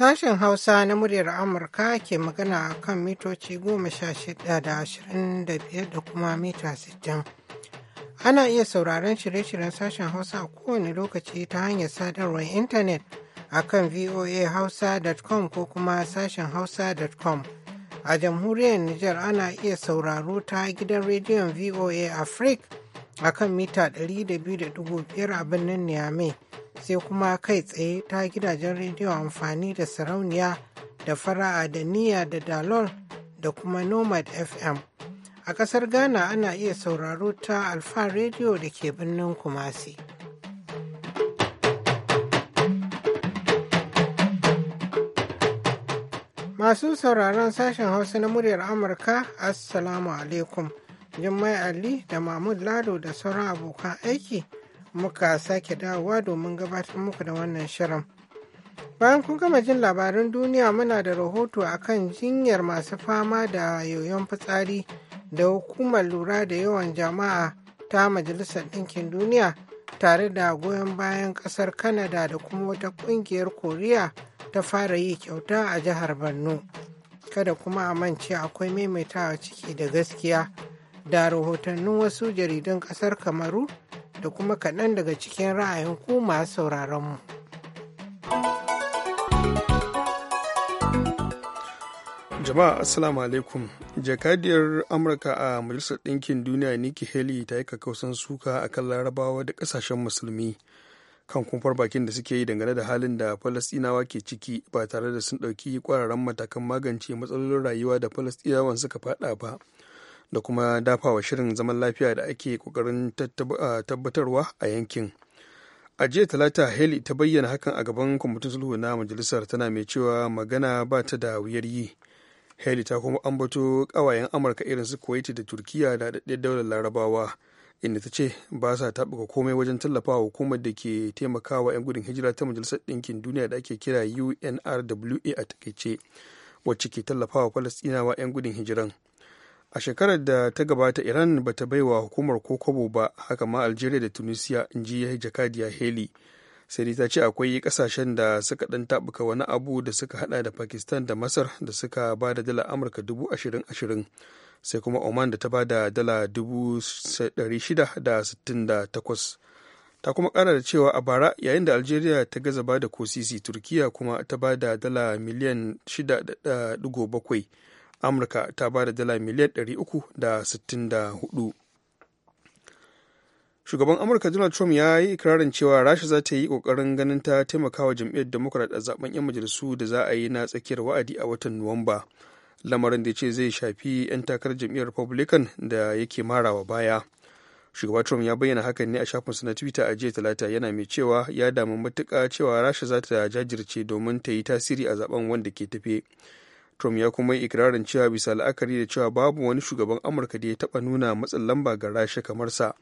Sashen Hausa na muryar Amurka ke magana a kan mitoci goma sha shida da ashirin da biyar da kuma mita sittin. Ana iya sauraron shirye-shiryen sashen Hausa a kowane lokaci ta hanyar sadarwar intanet a kan voahausa.com ko kuma sashen hausa.com. A jamhuriyar Nijar ana iya sauraro ta gidan rediyon VOA Africa a kan mita 200.5 a birnin Niamey sai kuma kai tsaye ta gidajen rediyo amfani da sarauniya da fara'a da Niya da dalol da kuma nomad fm a kasar ghana ana iya sauraro ta alfa rediyo da ke birnin kumasi masu sauraron sashen hausa na muryar amurka assalamu alaikum jummai ali da mahmud lado da sauran abokan aiki muka sake dawowa domin gabatar muku da wannan shirin bayan kun gama jin labarin duniya muna da rahoto a kan jinyar masu fama da yoyon fitsari da hukumar lura da yawan jama'a ta majalisar ɗinkin duniya tare da goyon bayan ƙasar Kanada da kuma wata ƙungiyar koriya ta fara yi kyauta a jihar borno kada kuma a mance akwai maimaitawa ciki da gaskiya da rahotannin wasu jaridun kasar kamaru da kuma kaɗan daga cikin ra'ayin ku masu jama'a assalamu alaikum jakadiyar amurka a majalisar ɗinkin duniya nikki heli ta yi kakausan suka a kan larabawa da ƙasashen musulmi kan kumfar bakin da suke yi dangane da halin da falastinawa ke ciki ba tare da sun ɗauki ƙwararren matakan magance matsalolin rayuwa da falastinawan suka faɗa ba da kuma dafawa shirin zaman lafiya da ake kokarin ah, tabbatarwa a yankin a jiya talata haley ta bayyana hakan a gaban kwamitin sulhu na majalisar tana mai cewa magana ba ta da wuyar yi haley ta kuma ambato kawayen amurka irin su kuwait da turkiya da daɗaɗɗen daular larabawa inda ta ce ba sa taɓuka komai wajen tallafawa hukumar da ke taimakawa 'yan gudun hijira ta majalisar ɗinkin duniya da ake kira unrwa a takaice wacce ke tallafawa falastinawa 'yan gudun hijiran a shekarar da ta gabata iran ba ta baiwa hukumar ko kobo ba haka ma algeria da tunisia in ji jakadiya heli sai dai ta ce akwai kasashen da suka dan tabuka wani abu da suka hada da pakistan da masar da suka ba da dala amurka dubu ashirin ashirin sai kuma oman da ta ba da dala dubu shida da sittin da takwas ta kuma kara da cewa a bara yayin da algeria ta gaza ba da kosisi turkiya kuma ta ba da dala miliyan shida da bakwai amurka ta ba da dala miliyan 364 shugaban amurka donald trump ya yi ikirarin cewa rasha za ta yi kokarin ganin ta taimakawa wa jam'iyyar democrat a zaben 'yan majalisu da za a yi na tsakiyar wa'adi a watan nuwamba lamarin da ya ce zai shafi 'yan takarar jam'iyyar republican da yake marawa baya shugaba trump ya bayyana hakan ne a shafinsa na twitter a jiya talata yana mai cewa ya damu matuka cewa rasha za ta jajirce domin ta yi tasiri a zaben wanda ke tafe Trump ya kuma yi ikirarin cewa bisa la'akari da cewa babu wani shugaban Amurka da ya taɓa nuna matsin lamba ga Rasha kamar sa.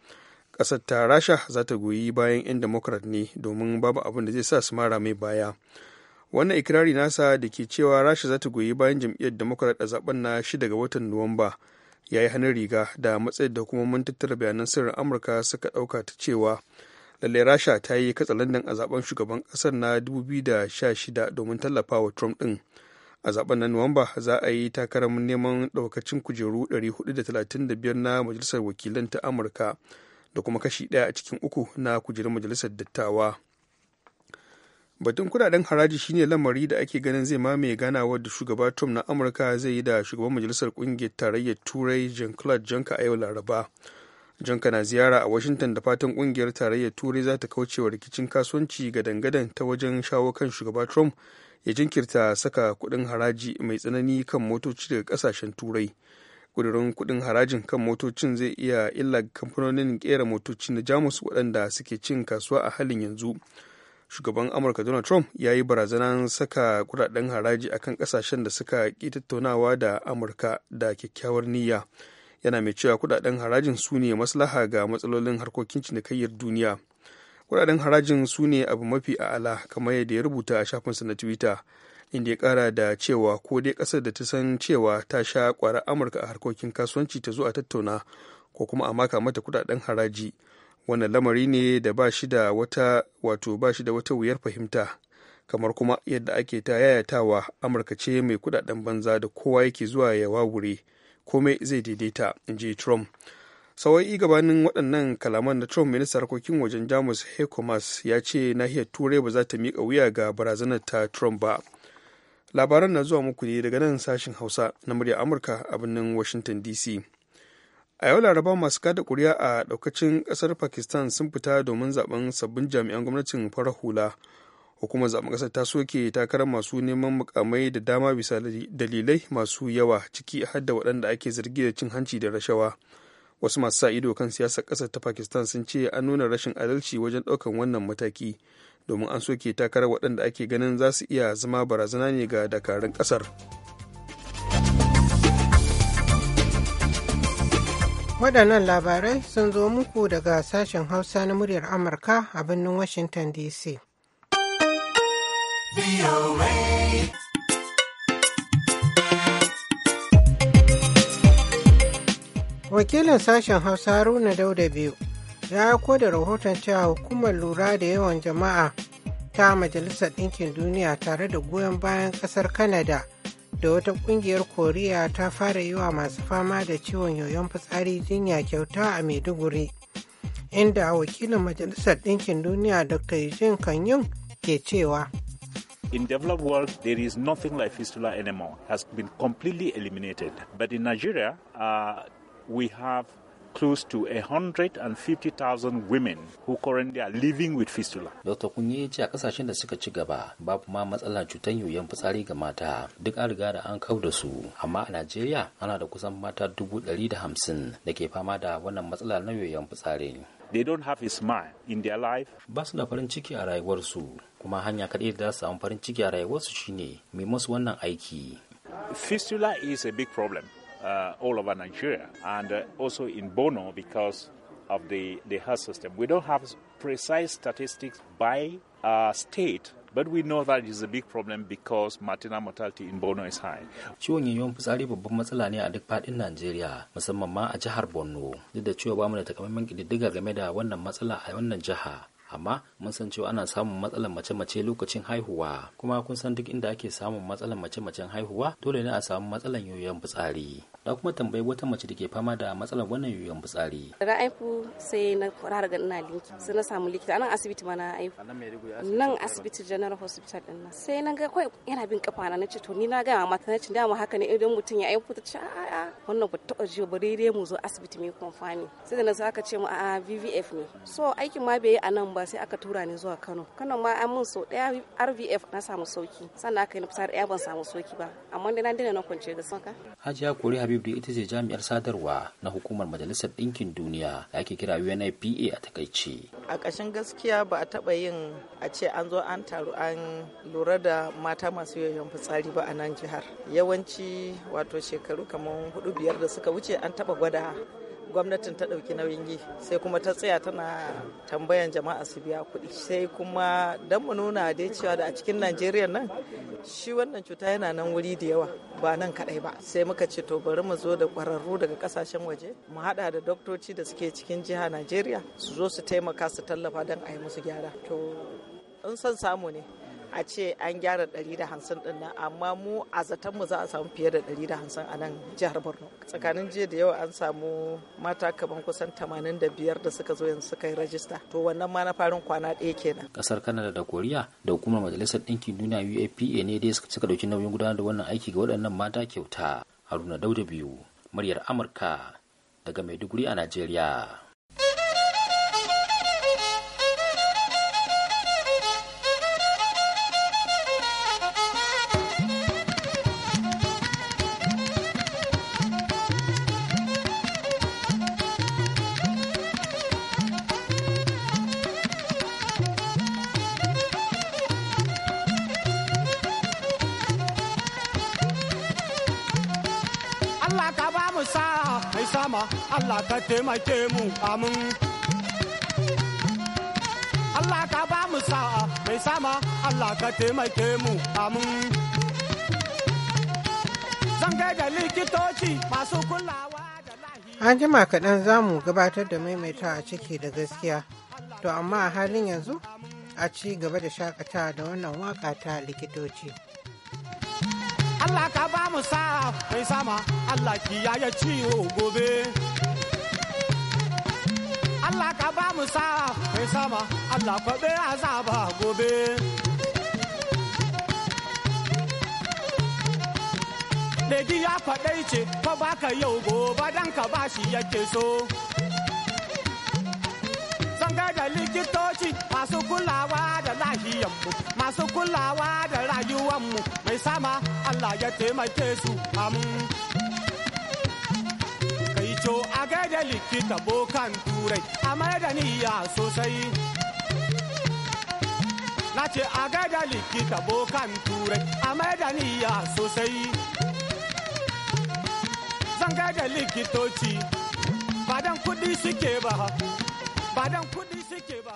Ƙasar ta Rasha za ta goyi bayan 'yan Democrat ne domin babu abin da zai sa su mara mai baya. Wannan ikirari nasa da ke cewa Rasha za ta goyi bayan jam'iyyar Democrat a zaben na shida ga watan Nuwamba ya yi hannun riga da matsayin da hukumomin tattara bayanan sirrin Amurka suka ɗauka ta cewa lallai Rasha ta yi katsalandan a zaben shugaban ƙasar na 2016 domin tallafa wa Trump ɗin. a zaben na nuwamba za a yi takarar neman daukacin kujeru 435 na majalisar wakilan ta amurka da kuma kashi daya a cikin uku na kujerun majalisar dattawa batun kudaden haraji shine lamari da ake ganin zai mamaye ganawar da shugaba tom na amurka zai yi da shugaban majalisar kungiyar tarayyar turai jean claude janka a yau laraba janka na ziyara a washington da fatan kungiyar tarayyar turai za ta kauce rikicin kasuwanci ga dangadan ta wajen shawo kan shugaba trump ya jinkirta saka kuɗin haraji mai tsanani kan motoci daga ƙasashen turai ƙudurin kuɗin harajin kan motocin zai iya illa kamfanonin ƙera motoci na jamus waɗanda suke cin kasuwa a halin yanzu shugaban amurka donald trump ya yi barazanar saka kuɗaɗen haraji akan ƙasashen da suka ki tattaunawa da amurka da kyakkyawar niyya yana mai cewa kuɗaɗen harajin su ne maslaha ga matsalolin harkokin cinikayyar duniya kudaden harajin su ne abu mafi a'ala kamar yadda ya rubuta a shafinsa na twitter inda ya kara da cewa ko dai kasar da ta san cewa ta sha kwarar amurka a harkokin kasuwanci ta zo a tattauna ko kuma a maka mata kudaden haraji wannan lamari ne da ba shi da wata wato ba shi da wata wuyar fahimta kamar kuma yadda ake ta yayatawa amurka ce mai kudaden banza da kowa yake zuwa ya wawure komai zai daidaita in ji trump sawa'i gabanin waɗannan kalaman na trump ministan harkokin wajen jamus heiko mas ya ce nahiyar turai ba za ta miƙa wuya ga barazanar ta trump ba labaran na zuwa muku ne daga nan sashen hausa na murya amurka a birnin washington dc a yau laraba masu kada kuri'a a daukacin ƙasar pakistan sun fita domin zaben sabbin jami'an gwamnatin farar hula hukumar zaben ƙasar ta soke takarar masu neman mukamai da dama bisa dalilai masu yawa ciki har da waɗanda ake zargi da cin hanci da rashawa wasu masu sa ido kan siyasar ƙasar ta pakistan sun ce an nuna rashin adalci wajen ɗaukan wannan mataki domin an soke takarar waɗanda ake ganin za su iya zama barazana ne ga dakarun ƙasar waɗannan labarai sun zo muku daga sashen hausa na muryar amurka a birnin washington dc wakilin sashen hausa haruna dauda biyu ya aiko da rahoton cewa hukumar lura da yawan jama'a ta majalisar ɗinkin duniya tare da goyon bayan ƙasar Kanada, da wata ƙungiyar koriya ta fara yi wa masu fama da ciwon yoyon fitsari jinya kyauta a maiduguri inda wakilin majalisar ɗinkin duniya dr eugene kanyun ke cewa In developed world, there is nothing like fistula anymore, has been completely eliminated. But in Nigeria, uh, we have close to 150,000 women who currently are living with fistula. Dr. Kunye ya ce a kasashen da suka ci gaba babu ma matsalar cutar yoyon fitsari ga mata duk an riga da an kau da su amma a Najeriya ana da kusan mata dubu ɗari da hamsin da ke fama da wannan matsalar na yoyon fitsari. They don't have a smile in their life. Ba su da farin ciki a rayuwarsu kuma hanya kaɗai da za su samu farin ciki a rayuwarsu shine mai musu wannan aiki. Fistula is a big problem. uh, all over Nigeria and uh, also in Bono because of the, the health system. We don't have precise statistics by uh, state, but we know that it is a big problem because maternal mortality in Borno is high. Ciwon yoyon fitsari babban matsala ne a duk faɗin Najeriya, musamman ma a jihar Borno, duk da cewa ba mu da takamaiman ƙididdiga game da wannan matsala a wannan jiha. amma mun san cewa ana samun matsalar mace-mace lokacin haihuwa kuma kun san duk inda ake samun matsalar mace-macen haihuwa dole ne a samu matsalar yoyon fitsari da kuma tambayi wata mace da ke fama da matsalar wannan yoyon fitsari daga aifu sai na fara ganin na linki sai na samu likita anan asibiti ma na aiku nan asibiti general hospital din nan sai na ga kai yana bin kafa na ce to ni na ga mata na ce dama haka ne idan mutum ya aifu ta ce a'a wannan ba taɓa jiyo bare mu zo asibiti mai konfami sai da na zaka ce mu a VVF ne so aikin ma bai yi a nan ba ba sai aka tura ni zuwa Kano. Kano ma an mun so daya RVF na samu sauki. Sannan aka yi na fusar daya ban samu sauki ba. Amma dai na dina na kwance da sanka. Hajiya Kori Habib da ita ce jami'ar sadarwa na hukumar Majalisar ɗinkin Duniya da ake kira unipa a takaici. A ƙashin gaskiya ba a taɓa yin a ce an zo an taru an lura da mata masu yoyon fitsari ba a nan jihar. Yawanci wato shekaru kamar hudu biyar da suka wuce an taɓa gwada gwamnatin ta ɗauki nauyin yi sai kuma ta tsaya tana tambayan jama'a su biya kuɗi sai kuma don mu nuna dai cewa da a cikin najeriya nan shi wannan cuta yana nan wuri da yawa ba nan kaɗai ba sai muka ce to bari mu zo da ƙwararru daga ƙasashen waje mu haɗa da doktoci da suke cikin jiha najeriya su zo su taimaka su tallafa don a yi musu gyara to in son samu ne a ce an gyara ɗari 150 din nan amma mu a zaton mu za a samu fiye da ɗari da 150 a nan jihar Borno tsakanin jiya da yau an samu mata kaman kusan tamanin da biyar da suka zo yanzu suka yi rajista to wannan ma na farin kwana ɗaya kenan kasar Canada da Koriya da hukumar majalisar ɗinkin duniya UAPA ne dai suka ɗauki nauyin gudanar da wannan aiki ga waɗannan mata kyauta Haruna Dauda biyu muryar Amurka daga Maiduguri a Najeriya sama Allah ka taimake mu amin. Allah ka ba mu sa'a mai sama Allah ka taimake mu amin. Zan da likitoci masu kulawa da lahi. An jima kaɗan za mu gabatar da maimaita a ciki da gaskiya. To amma a halin yanzu a ci gaba da shakata da wannan waka ta likitoci. Allah ka ba mu sa mai sama Allah ya ciwo gobe Allah ka ba mu sa mai sama Allah kwaɓe azaba gobe Daji ya faɗai ce, fa baka yau gobe dan ka bashi yake so. masu kulawa da lahiyanmu masu kulawa da rayuwanmu mai sama Allah ya taimake su kai co a gaida likita bokan turai a da niyya sosai na ce a gaida likita bokan turai a da niyya sosai zan gaida likitoci ba dan kudi suke ba ba dan kudi suke ba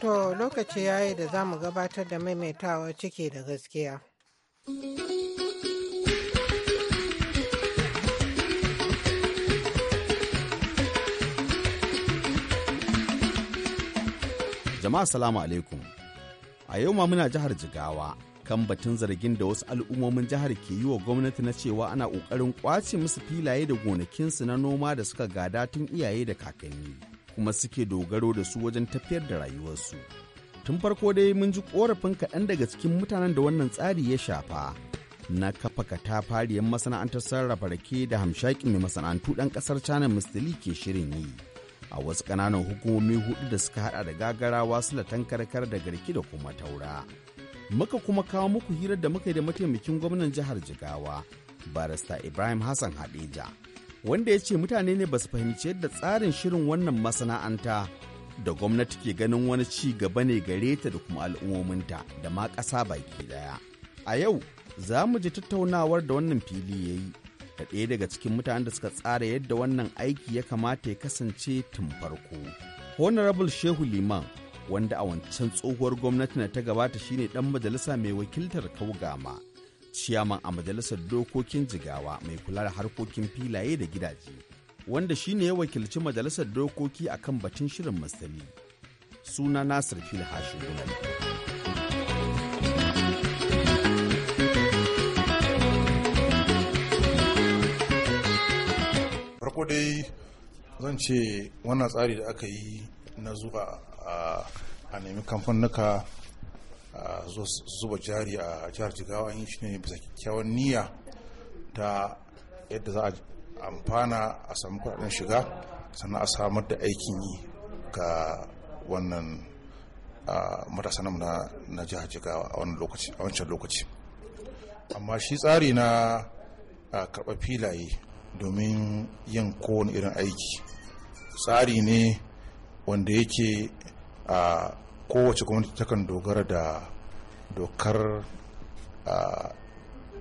To lokaci ya yi da za mu gabatar da maimaitawa ciki da gaskiya. Jama'a salamu alaikum. A yau ma muna jihar Jigawa kan batun zargin da wasu al'ummomin jihar ke yi wa gwamnati na cewa ana ƙoƙarin ƙwace musu filaye da gonakinsu na noma da suka gada tun iyaye da kakanni. kuma suke dogaro da su wajen tafiyar da rayuwarsu. Tun farko dai mun ji korafin kaɗan daga cikin mutanen da wannan tsari ya shafa na kafa katafariyar masana'antar sarrafa rake da hamshaki mai masana'antu ɗan ƙasar China Mr. Lee ke shirin yi. A wasu ƙananan hukumomi hudu da suka haɗa da gagarawa sulatan karkar da garki da kuma taura. Muka kuma kawo muku hirar da muka yi da mataimakin gwamnan jihar Jigawa, barista Ibrahim Hassan Hadeja. wanda ya ce mutane ne ba su fahimci yadda tsarin shirin wannan masana'anta da gwamnati ke ganin wani ci gaba ne gare ta da kuma al'ummominta da ma ƙasa baki daya. A yau za mu ji tattaunawar da wannan fili ya yi da ɗaya daga cikin mutanen da suka tsara yadda wannan aiki ya kamata ya kasance tun farko. Honorable Shehu Liman wanda a wancan tsohuwar gwamnati na ta gabata shine ɗan majalisa mai wakiltar Kaugama ciyaman a majalisar dokokin jigawa mai kula da harkokin filaye da gidaje wanda shine ya wakilci majalisar dokoki a kan batun shirin masali suna nasir fil hashin dai zan ce wannan tsari da aka yi na zuwa a nemi kamfanuka zuba jari a jihar jigawa an yi shi ne bisa kyakkyawan niyya ta yadda za a amfana a samu kudaden shiga sannan a samar da aikin yi ga wannan matasa na jihar jigawa a wancan lokaci amma shi tsari na karɓar filaye domin yin kowane irin aiki tsari ne wanda yake a kowace gwamnati takan dogara da dokar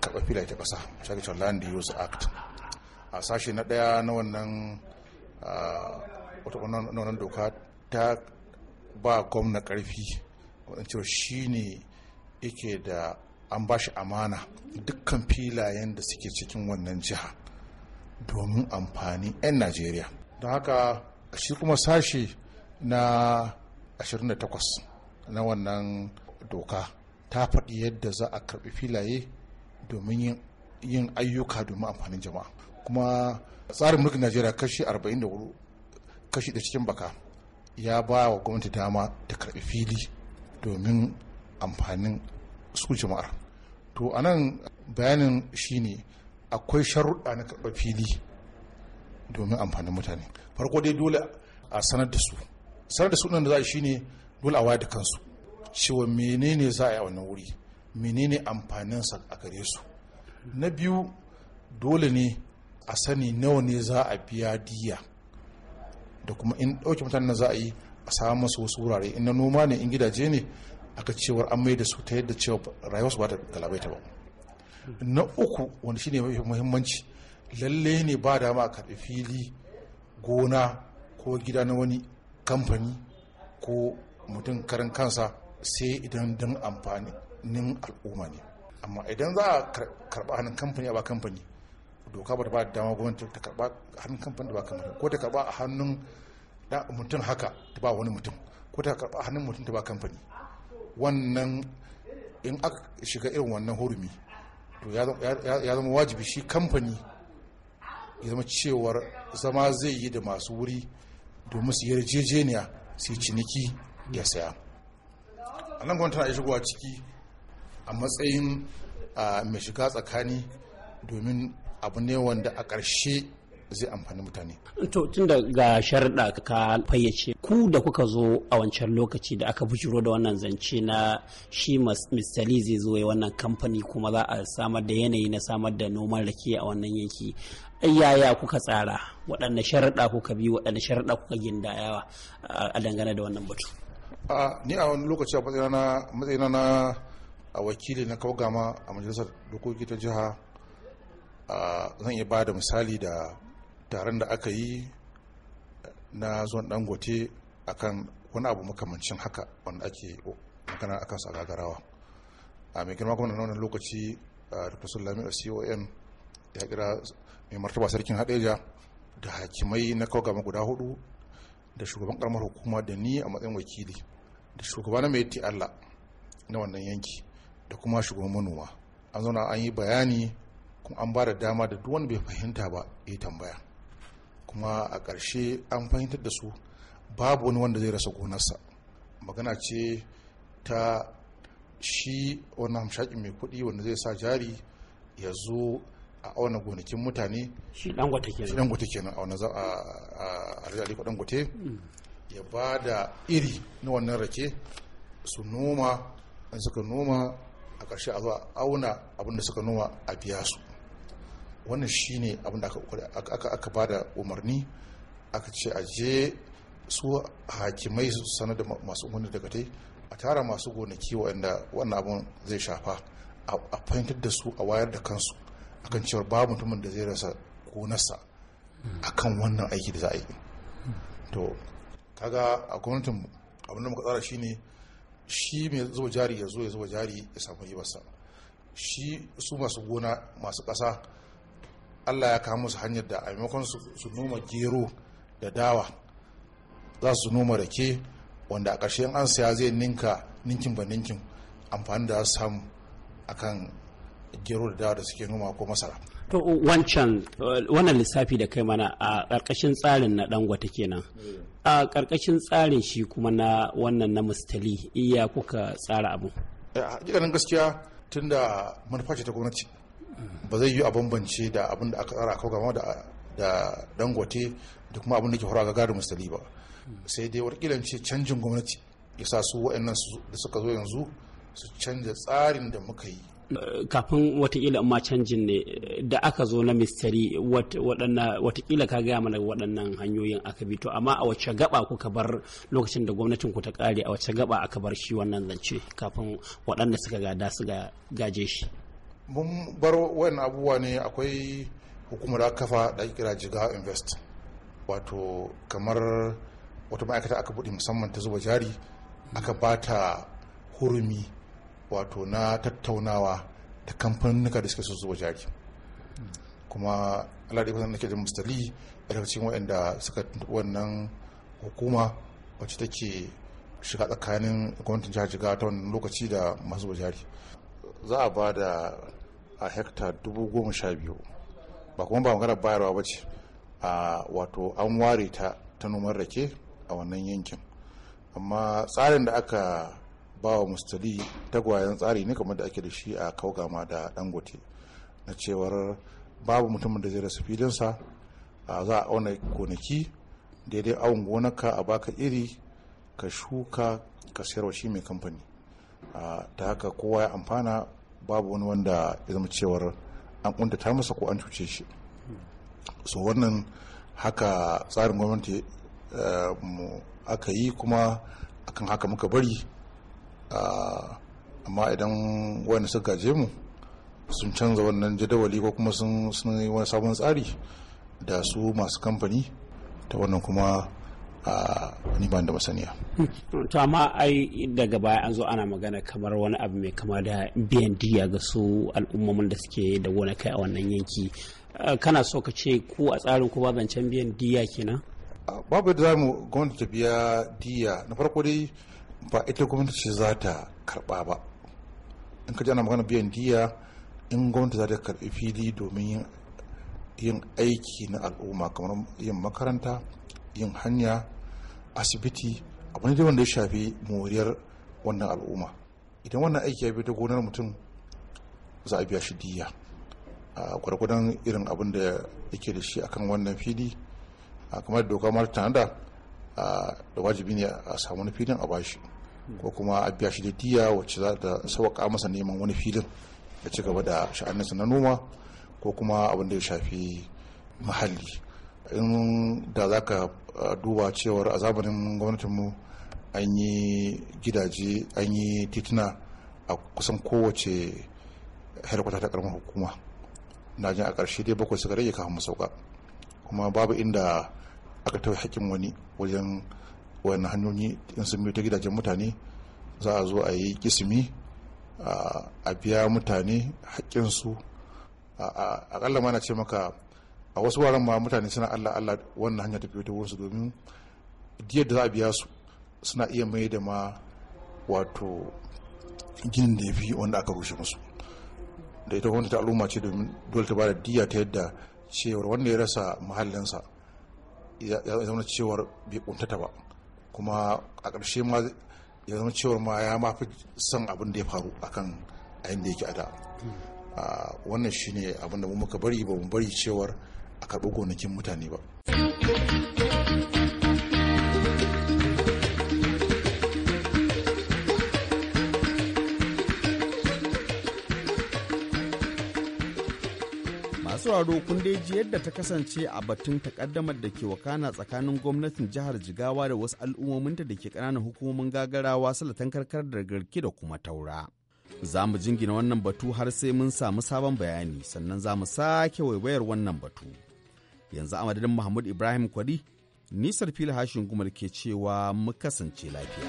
karɓar filaye ta ƙasa shaƙi cewa land use act a sashe na ɗaya na wannan wannan doka ta ba gwamna ƙarfi wadda cewa shi ne yake da an ba shi amana dukkan filayen da suke cikin wannan jiha domin amfani 'yan najeriya don haka shi kuma sashe na 28 na wannan doka ta faɗi yadda za a karɓi filaye domin yin ayyuka domin amfanin jama'a kuma tsarin mulkin najeriya kashi 44 kashi da cikin baka ya ba wa gwamnati dama ta karɓi fili domin amfanin su jama'ar to a nan bayanin shine akwai sharuɗa na karɓar fili domin amfanin mutane farko dai dole a sanar da su sanar da nan da za a shi ne dole a wayar da kansu cewa menene za a yi a wannan wuri menene amfaninsa a gare su na biyu dole ne a sani nawa ne za a biya diya da kuma in ɗauke mutanen za a yi a samu masu wasu wurare in noma ne in gidaje ne aka cewar an mai da su ta yadda cewa rayuwarsu ba ta galabaita ba na uku wanda shine mafi muhimmanci lalle ne ba dama a karɓi fili gona ko gida na wani kamfani ko mutum karin kansa sai idan don amfanin al'umma ne amma idan za a karba hannun kamfani a ba kamfani doka ba ta ba dama gwamnati ta karba hannun kamfani da ba kamfani ko ta karba a hannun mutum haka ta ba wani mutum ko ta karba hannun mutum ta ba kamfani wannan in aka shiga irin wannan hurumi to ya zama wajibi shi kamfani ya zama cewar zama zai yi da masu wuri domin su yarjejeniya su ciniki ya saya a nan gwamnati tana shigowa ciki a matsayin mai shiga tsakani domin abu ne wanda a ƙarshe zai amfani mutane. To tun da ga sharaɗa ka fayyace ku da kuka zo a wancan lokaci da aka bujiro da wannan zance na shi misali zai zo ya wannan kamfani kuma za a samar da yanayi na samar da noman rake a wannan yanki. Yaya kuka tsara waɗanne sharaɗa kuka bi waɗanne sharaɗa kuka gindayawa a dangane da wannan batu. a Ni a wani lokaci a matsayina na a wakili na kaugama a majalisar dokoki ta jiha zan iya ba da misali da taron da aka yi na zuwan dangote kan wani abu makamancin haka wanda ake magana kan sa gagarawa a mai girma gwamna wannan lokaci a rikusun Lami a con ya kira mai martaba sarkin hadeja da hakimai na kawgama guda hudu da shugaban karamar hukuma da ni a matsayin wakili da shugaba na ti allah na wannan yanki da kuma shugaban manoma an zauna an yi bayani kuma an ba da dama da duk wanda bai fahimta ba ya tambaya kuma a ƙarshe an fahimtar da su babu wani wanda zai rasa gonarsa magana ce ta shi wannan hamshaki mai kuɗi wanda zai sa jari ya zo a auna gonakin mutane shi dan kenan shi kenan a wannan a rijali hmm. ya ba da iri na wannan rake su noma in suka noma a ƙarshe a zo auna abin da suka noma a biya su wannan shine abin da aka ba da umarni aka ce a je su hakimai su sanar da masu umarni daga tai a tara masu gonaki wanda wannan abin zai shafa a fahimtar da su a wayar da kansu akan cewar ba mutumin da zai rasa gonarsa hmm. kan wannan aiki da za a yi hmm. to kaga a gwamnatin abin da muka tsara shi ne shi mai zuba jari ya zo ya zuba jari ya samu ribarsa shi su masu gona masu ƙasa allah ya kawo musu hanyar da a maimakon su noma gero da dawa za su noma rake wanda a ƙarshe an saya zai ninka ninkin ba ninkin amfani da su samu kan gero da dawa da suke noma ko masara to wancan wannan lissafi da kai mana a ƙarƙashin tsarin na dangwata kenan a ƙarƙashin tsarin shi kuma na wannan na mustali iya kuka tsara abu eh, a gaskiya tunda manufa ta gwamnati ba zai yi a bambance da abin da aka tsara kawai gama da dangote da kuma abin da ke hura ga gari mustali ba sai dai wakilan ce canjin gwamnati ya sa su wa'annan da suka zo yanzu su canja tsarin da muka yi kafin watakila ma canjin ne da aka zo na mistari watakila ka gaya mana waɗannan hanyoyin aka bi to amma a wace gaba kuka bar lokacin da gwamnatin ku ta ƙare a wace gaba aka bar shi wannan zance kafin waɗanda suka gada su gaje shi mun bar wayan abubuwa ne akwai hukumar aka kafa da ake kira jiga invest wato kamar wata ma'aikata aka buɗe musamman ta zuba jari aka ba ta hurumi wato na tattaunawa da kamfanunuka da suka su zuba jari kuma Allah da nake jin mustali daga cikin waɗanda suka wannan hukuma wacce take shiga tsakanin gwamnatin jihar jiga ta wannan lokaci da masu zuba jari za a ba da a hekta dubu goma sha biyu ba kuma ba magana bayarwa ba ce a wato an ware ta ta noman rake a wannan yankin amma tsarin da aka ba wa mustali tagwayen tsari ne kamar da ake da shi a kaugama da dangote na cewar babu mutumin da zai rasa filinsa a za a auna gonaki daidai awon gonaka a baka iri ka shuka ka sayarwa shi mai kamfani ta haka kowa ya amfana babu wani wanda ya zama cewar an kuntata masa ko an cuce shi so wannan haka tsarin gwamnati eh, mu aka yi kuma akan haka muka bari ah, amma idan wani suka gaje mu sun canza wannan jadawali ko kuma sun yi wani sabon tsari da su masu kamfani ta wannan kuma a ni ban da masaniya. to amma ai daga baya an zo ana magana kamar wani abu mai kama da biyan diya ga su al'ummomin da suke da wani kai a wannan yanki kana so ka ce ku a tsarin ku ba can biyan diya kenan. babu da zamu gwamnati ta biya diya na farko dai ba ita gwamnati ce za ta karba ba in ka ji ana magana biyan diya in gwamnati za ta karbi fili domin yin aiki na al'umma kamar yin makaranta yin hanya asibiti abu ne wanda ya shafi moriyar wannan al'umma idan wannan aiki ya bi ta gonar mutum za a biya shi diya a gwargwadon irin abin da yake da shi akan wannan fili kamar doka mara tanada da wajibi ne a samu wani filin a bashi ko kuma a biya shi da diya wacce za ta sauƙa masa neman wani filin ya ci gaba da sha'aninsa na noma ko kuma abin da ya shafi muhalli in da za ka duba cewar a zamanin gwamnatinmu an yi gidaje an yi tituna a kusan kowace harkwata ta karamar hukuma na jin a ƙarshe dai bakwai suka rage kafin masauka kuma babu inda aka taɓa haƙƙin wani wajen wani hanyoyi in sun ta gidajen mutane za a zo a yi kisimi a biya mutane haƙƙinsu a ƙalla mana ce maka a wasu wuraren ma mutane suna allah allah wannan hanya tafiye ta wurinsu domin diyar da za a biya su suna iya mai da ma wato ginin da ya fi wanda aka rushe musu da ita wanda ta al'umma ce domin dole ta bada diya ta yadda cewar wanda ya rasa mahallinsa ya zama cewar bai kuntata ba kuma a ƙarshe ma ya zama cewar ma ya mafi son abin da ya faru akan ayin da yake a da wannan shine abin da mu muka bari ba mu bari cewar a karɓi gonakin mutane ba waro kun dai ji yadda ta kasance a batun takaddamar da ke wakana tsakanin gwamnatin jihar jigawa da wasu al'ummominta da ke ƙananan hukumomin gagarawa salatan karkar da garki da kuma taura za mu jingina wannan batu har sai mun samu sabon bayani sannan za mu sake waiwayar wannan batu yanzu a madadin mahmud ibrahim kwari nisar fili hashin gumar ke cewa mu kasance lafiya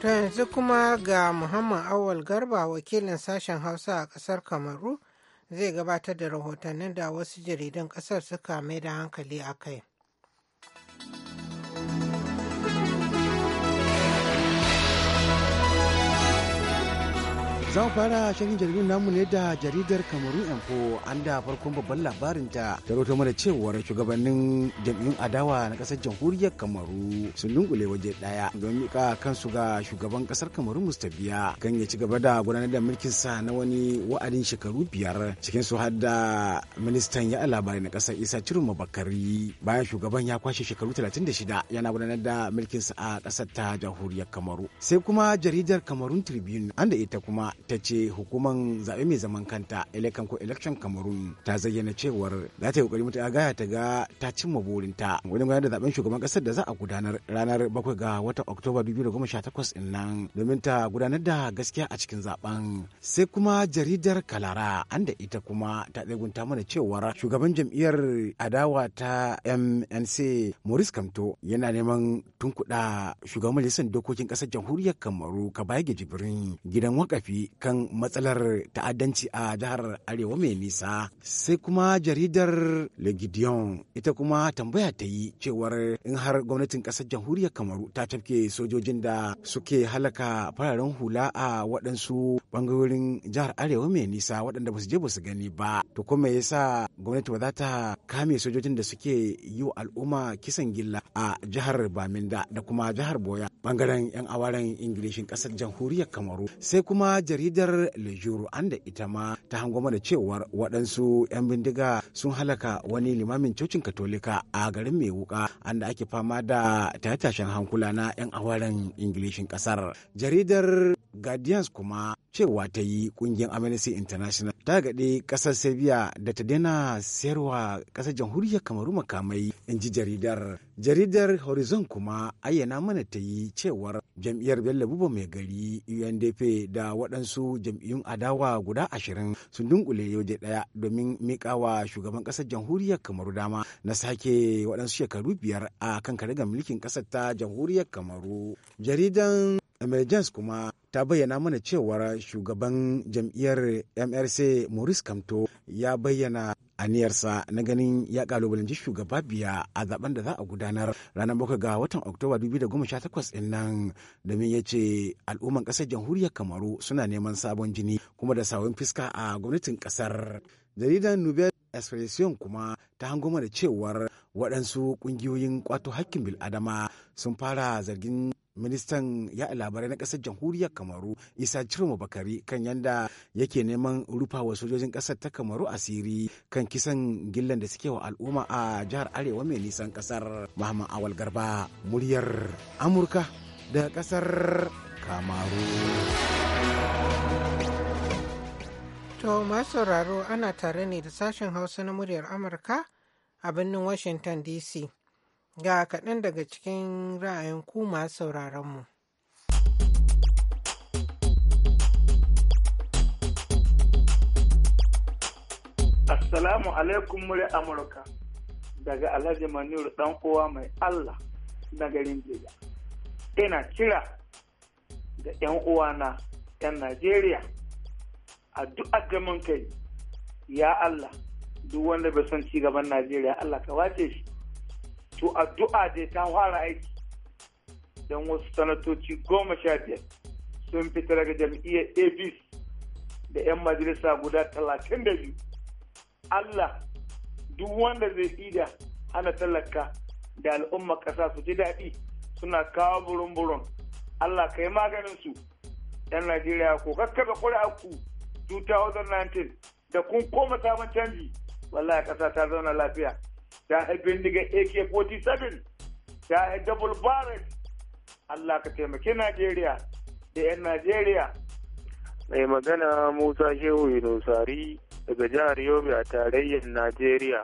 to yanzu kuma ga muhammad awal garba wakilin sashen hausa a kasar kamaru zai gabatar da rahotannin da wasu jaridan kasar suka mai da hankali a kai. mu fara shirin jaridun namu ne da jaridar Kamaru Info an da farkon babban labarin ta ta roto mana cewar shugabannin jam'iyyun adawa na kasar jamhuriyar Kamaru sun dunkule waje daya don mika kansu ga shugaban kasar Kamaru Mustabiya kan ya ci gaba da gudanar da mulkin sa na wani wa'adin shekaru biyar cikin su har da ministan ya labarai na kasar Isa ciru mabakari bayan shugaban ya kwashe shekaru 36 yana gudanar da mulkin sa a kasar ta jamhuriyar Kamaru sai kuma jaridar Kamarun Tribune an da ita kuma ta ce hukumar zaɓe mai zaman kanta elekan ko election cameroon ta zayyana cewar za ta yi kokari mata gaya ta ga ta cimma burinta wajen gudanar da zaben shugaban ƙasar da za a gudanar ranar bakwai ga watan oktoba 2018 din nan domin ta gudanar da gaskiya a cikin zaben sai kuma jaridar kalara an da ita kuma ta tsegunta mana cewar shugaban jam'iyyar adawa ta mnc maurice kamto yana neman tunkuɗa shugaban majalisar dokokin ƙasar jamhuriyar kamaru ka baya jibrin gidan wakafi kan matsalar ta'addanci a jihar Arewa mai nisa. Sai kuma jaridar Le Gideon ita kuma tambaya ta yi cewar in har gwamnatin ƙasar jamhuriyar Kamaru ta tafke sojojin da suke halaka fararen hula a waɗansu bangarorin jihar Arewa mai nisa waɗanda ba su je ba su gani ba. To ko me yasa gwamnati ba za ta kame sojojin da suke yi wa al'umma kisan gilla a jihar Baminda da kuma jihar Boya bangaren 'yan awaren Ingilishin kasar jamhuriyar Kamaru. Sai kuma jaridar jaridar Jour an da ita ma ta hango da cewar waɗansu 'yan bindiga sun halaka wani limamin cocin katolika a garin mai wuka an da ake fama da tashen hankula na 'yan awaren ingilishin ƙasar jaridar guardians kuma cewa ta yi kungiyar amnesty international ta gaɗe ƙasar serbia da ta daina sayarwa ƙasar jamhuriyar kamaru makamai in ji jaridar jaridar horizon kuma ayyana mana ta yi cewar jam'iyyar bello buba mai gari undp da waɗansu jam'iyyun adawa guda ashirin sun dunkule yauje ɗaya domin miƙawa shugaban ƙasar jamhuriyar kamaru dama na sake waɗansu shekaru biyar a kan ga mulkin ƙasar ta jamhuriyar kamaru jaridan emergence kuma ta bayyana mana cewar shugaban jam'iyyar mrc maurice kamto ya bayyana aniyarsa na ganin ya kalubalanci shugaba biya a zaben da za a gudanar ranar bakwai ga watan oktoba 2018 din nan domin ya ce al'umman kasar jamhuriyar kamaru suna neman sabon jini kuma da sabon fiska a gwamnatin kasar jaridar nubel expression kuma ta hango mana cewar waɗansu ƙungiyoyin kwato hakkin bil'adama sun fara zargin ministan ya labarai na kasar jamhuriyar kamaru isa jirma bakari kan yanda yake neman rufa wa sojojin ƙasar ta kamaru asiri kan kisan gillan da suke wa al'umma a jihar arewa mai nisan ƙasar muhammad awal garba muryar amurka da ƙasar kamaru to masu sauraro ana tare ne da sashen hausa na muryar amurka a birnin washington dc ga kaɗan daga cikin ra'ayin ku masu sauraronmu. mu. Assalamu alaikum muri Amurka daga Alhaji Manuru dan uwa mai Allah na garin jiya. Ina kira da 'yan uwana 'yan Najeriya addu'ar duk kai ya Allah duk wanda bai son ci gaban Najeriya Allah ka wace shi to addu'a da ta fara aiki don wasu sanatoci goma sha biyar sun fita daga jam'iyyar abc da 'yan majalisa guda talatin da biyu allah duk wanda zai ida hana talaka da al'umma kasa su ji daɗi suna kawo burin-burin allah ka yi maganin su 'yan najeriya ko kakkaɓe ƙuri'arku 2019 da kun koma sabon canji wallahi ƙasa ta zauna lafiya ta yi bindiga AK-47 ta yi double barrel Allah ka taimaki Najeriya da 'yan Najeriya. Mai magana Musa Shehu Yunusari daga jihar Yobe a tarayyar Najeriya.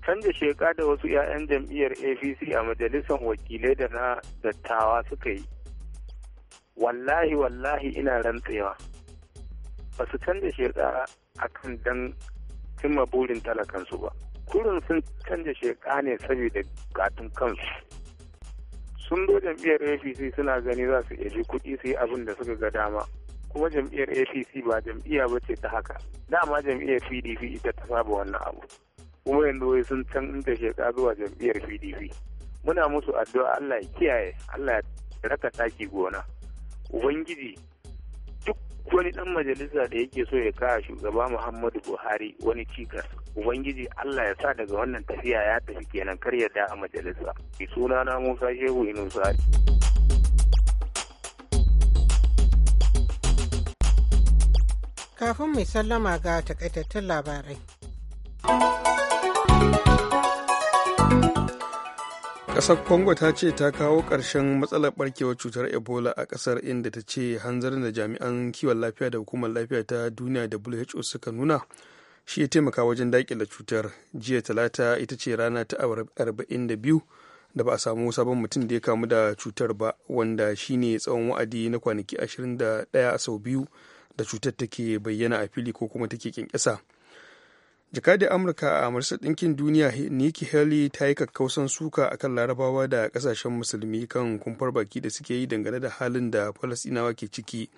Canza sheka da wasu 'ya'yan jam'iyyar APC a majalisar wakilai da na dattawa suka yi. Wallahi wallahi ina rantsewa. Ba su canza sheka a kan dan cimma burin talakansu ba. kurin sun canja sheka ne saboda bukatun kansu sun zo jam'iyyar apc suna gani za su yaji kuɗi su yi abin da suka ga dama kuma jam'iyyar apc ba jam'iyya ba ce ta haka dama jam'iyyar pdp ita ta saba wannan abu kuma yanzu wai sun canza sheka zuwa jam'iyyar pdp muna musu addu'a allah ya kiyaye allah ya raka taki gona ubangiji duk wani dan majalisa da yake so ya kawo shugaba muhammadu buhari wani cikas ubangiji allah ya sa daga wannan tafiya ya tafi kenan kar ya a majalisa suna na musa shehu inusa kafin mai sallama ga takaitattun labarai. Ƙasar Congo ta ce ta kawo ƙarshen matsalar ɓarkewar cutar Ebola a ƙasar inda ta ce hanzarin da jami'an kiwon lafiya da hukumar lafiya ta duniya WHO suka nuna shi ya taimaka wajen daƙile cutar jiya talata ita ce rana ta 42 da ba a samu sabon mutum da ya kamu da cutar ba wanda shine tsawon wa'adi na kwanaki 21 a sau biyu da cutar take bayyana a fili ko kuma take kyankyasa da amurka a majalisar ɗinkin duniya nikki haley ta yi kakkausan suka akan larabawa da ƙasashen musulmi kan kumfar baki da suke yi dangane da halin da falasɗinawa ke ciki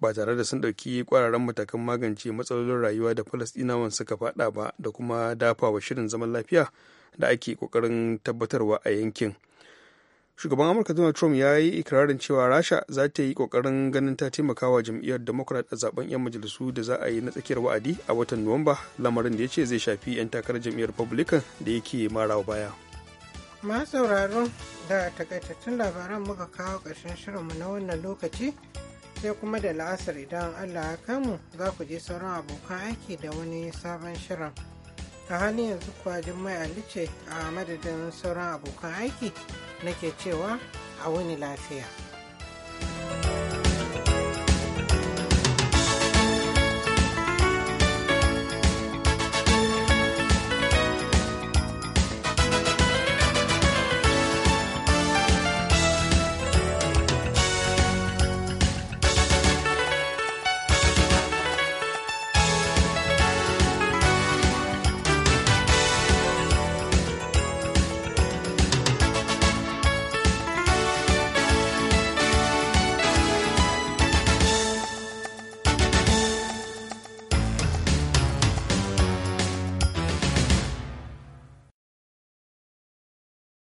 ba tare da sun ɗauki ƙwararren matakan magance matsalolin rayuwa da falasɗinawan suka faɗa ba da kuma dafa wa shirin zaman lafiya da ake ƙoƙarin tabbatarwa a yankin shugaban amurka donald trump ya yi ikirarin cewa rasha za ta yi kokarin ganin ta taimaka wa jam'iyyar democrat a zaben 'yan majalisu da za a yi na tsakiyar wa'adi a watan nuwamba lamarin da ya ce zai shafi 'yan takarar jam'iyyar republican da yake wa baya ma sauraron da takaitattun labaran muka kawo ƙarshen shirinmu na wannan lokaci sai kuma da la'asar idan allah ya kamu za ku je sauran abokan aiki da wani sabon shirin a halin yanzu kuwa jimmai alice a madadin sauran abokan aiki nake cewa a wani lafiya.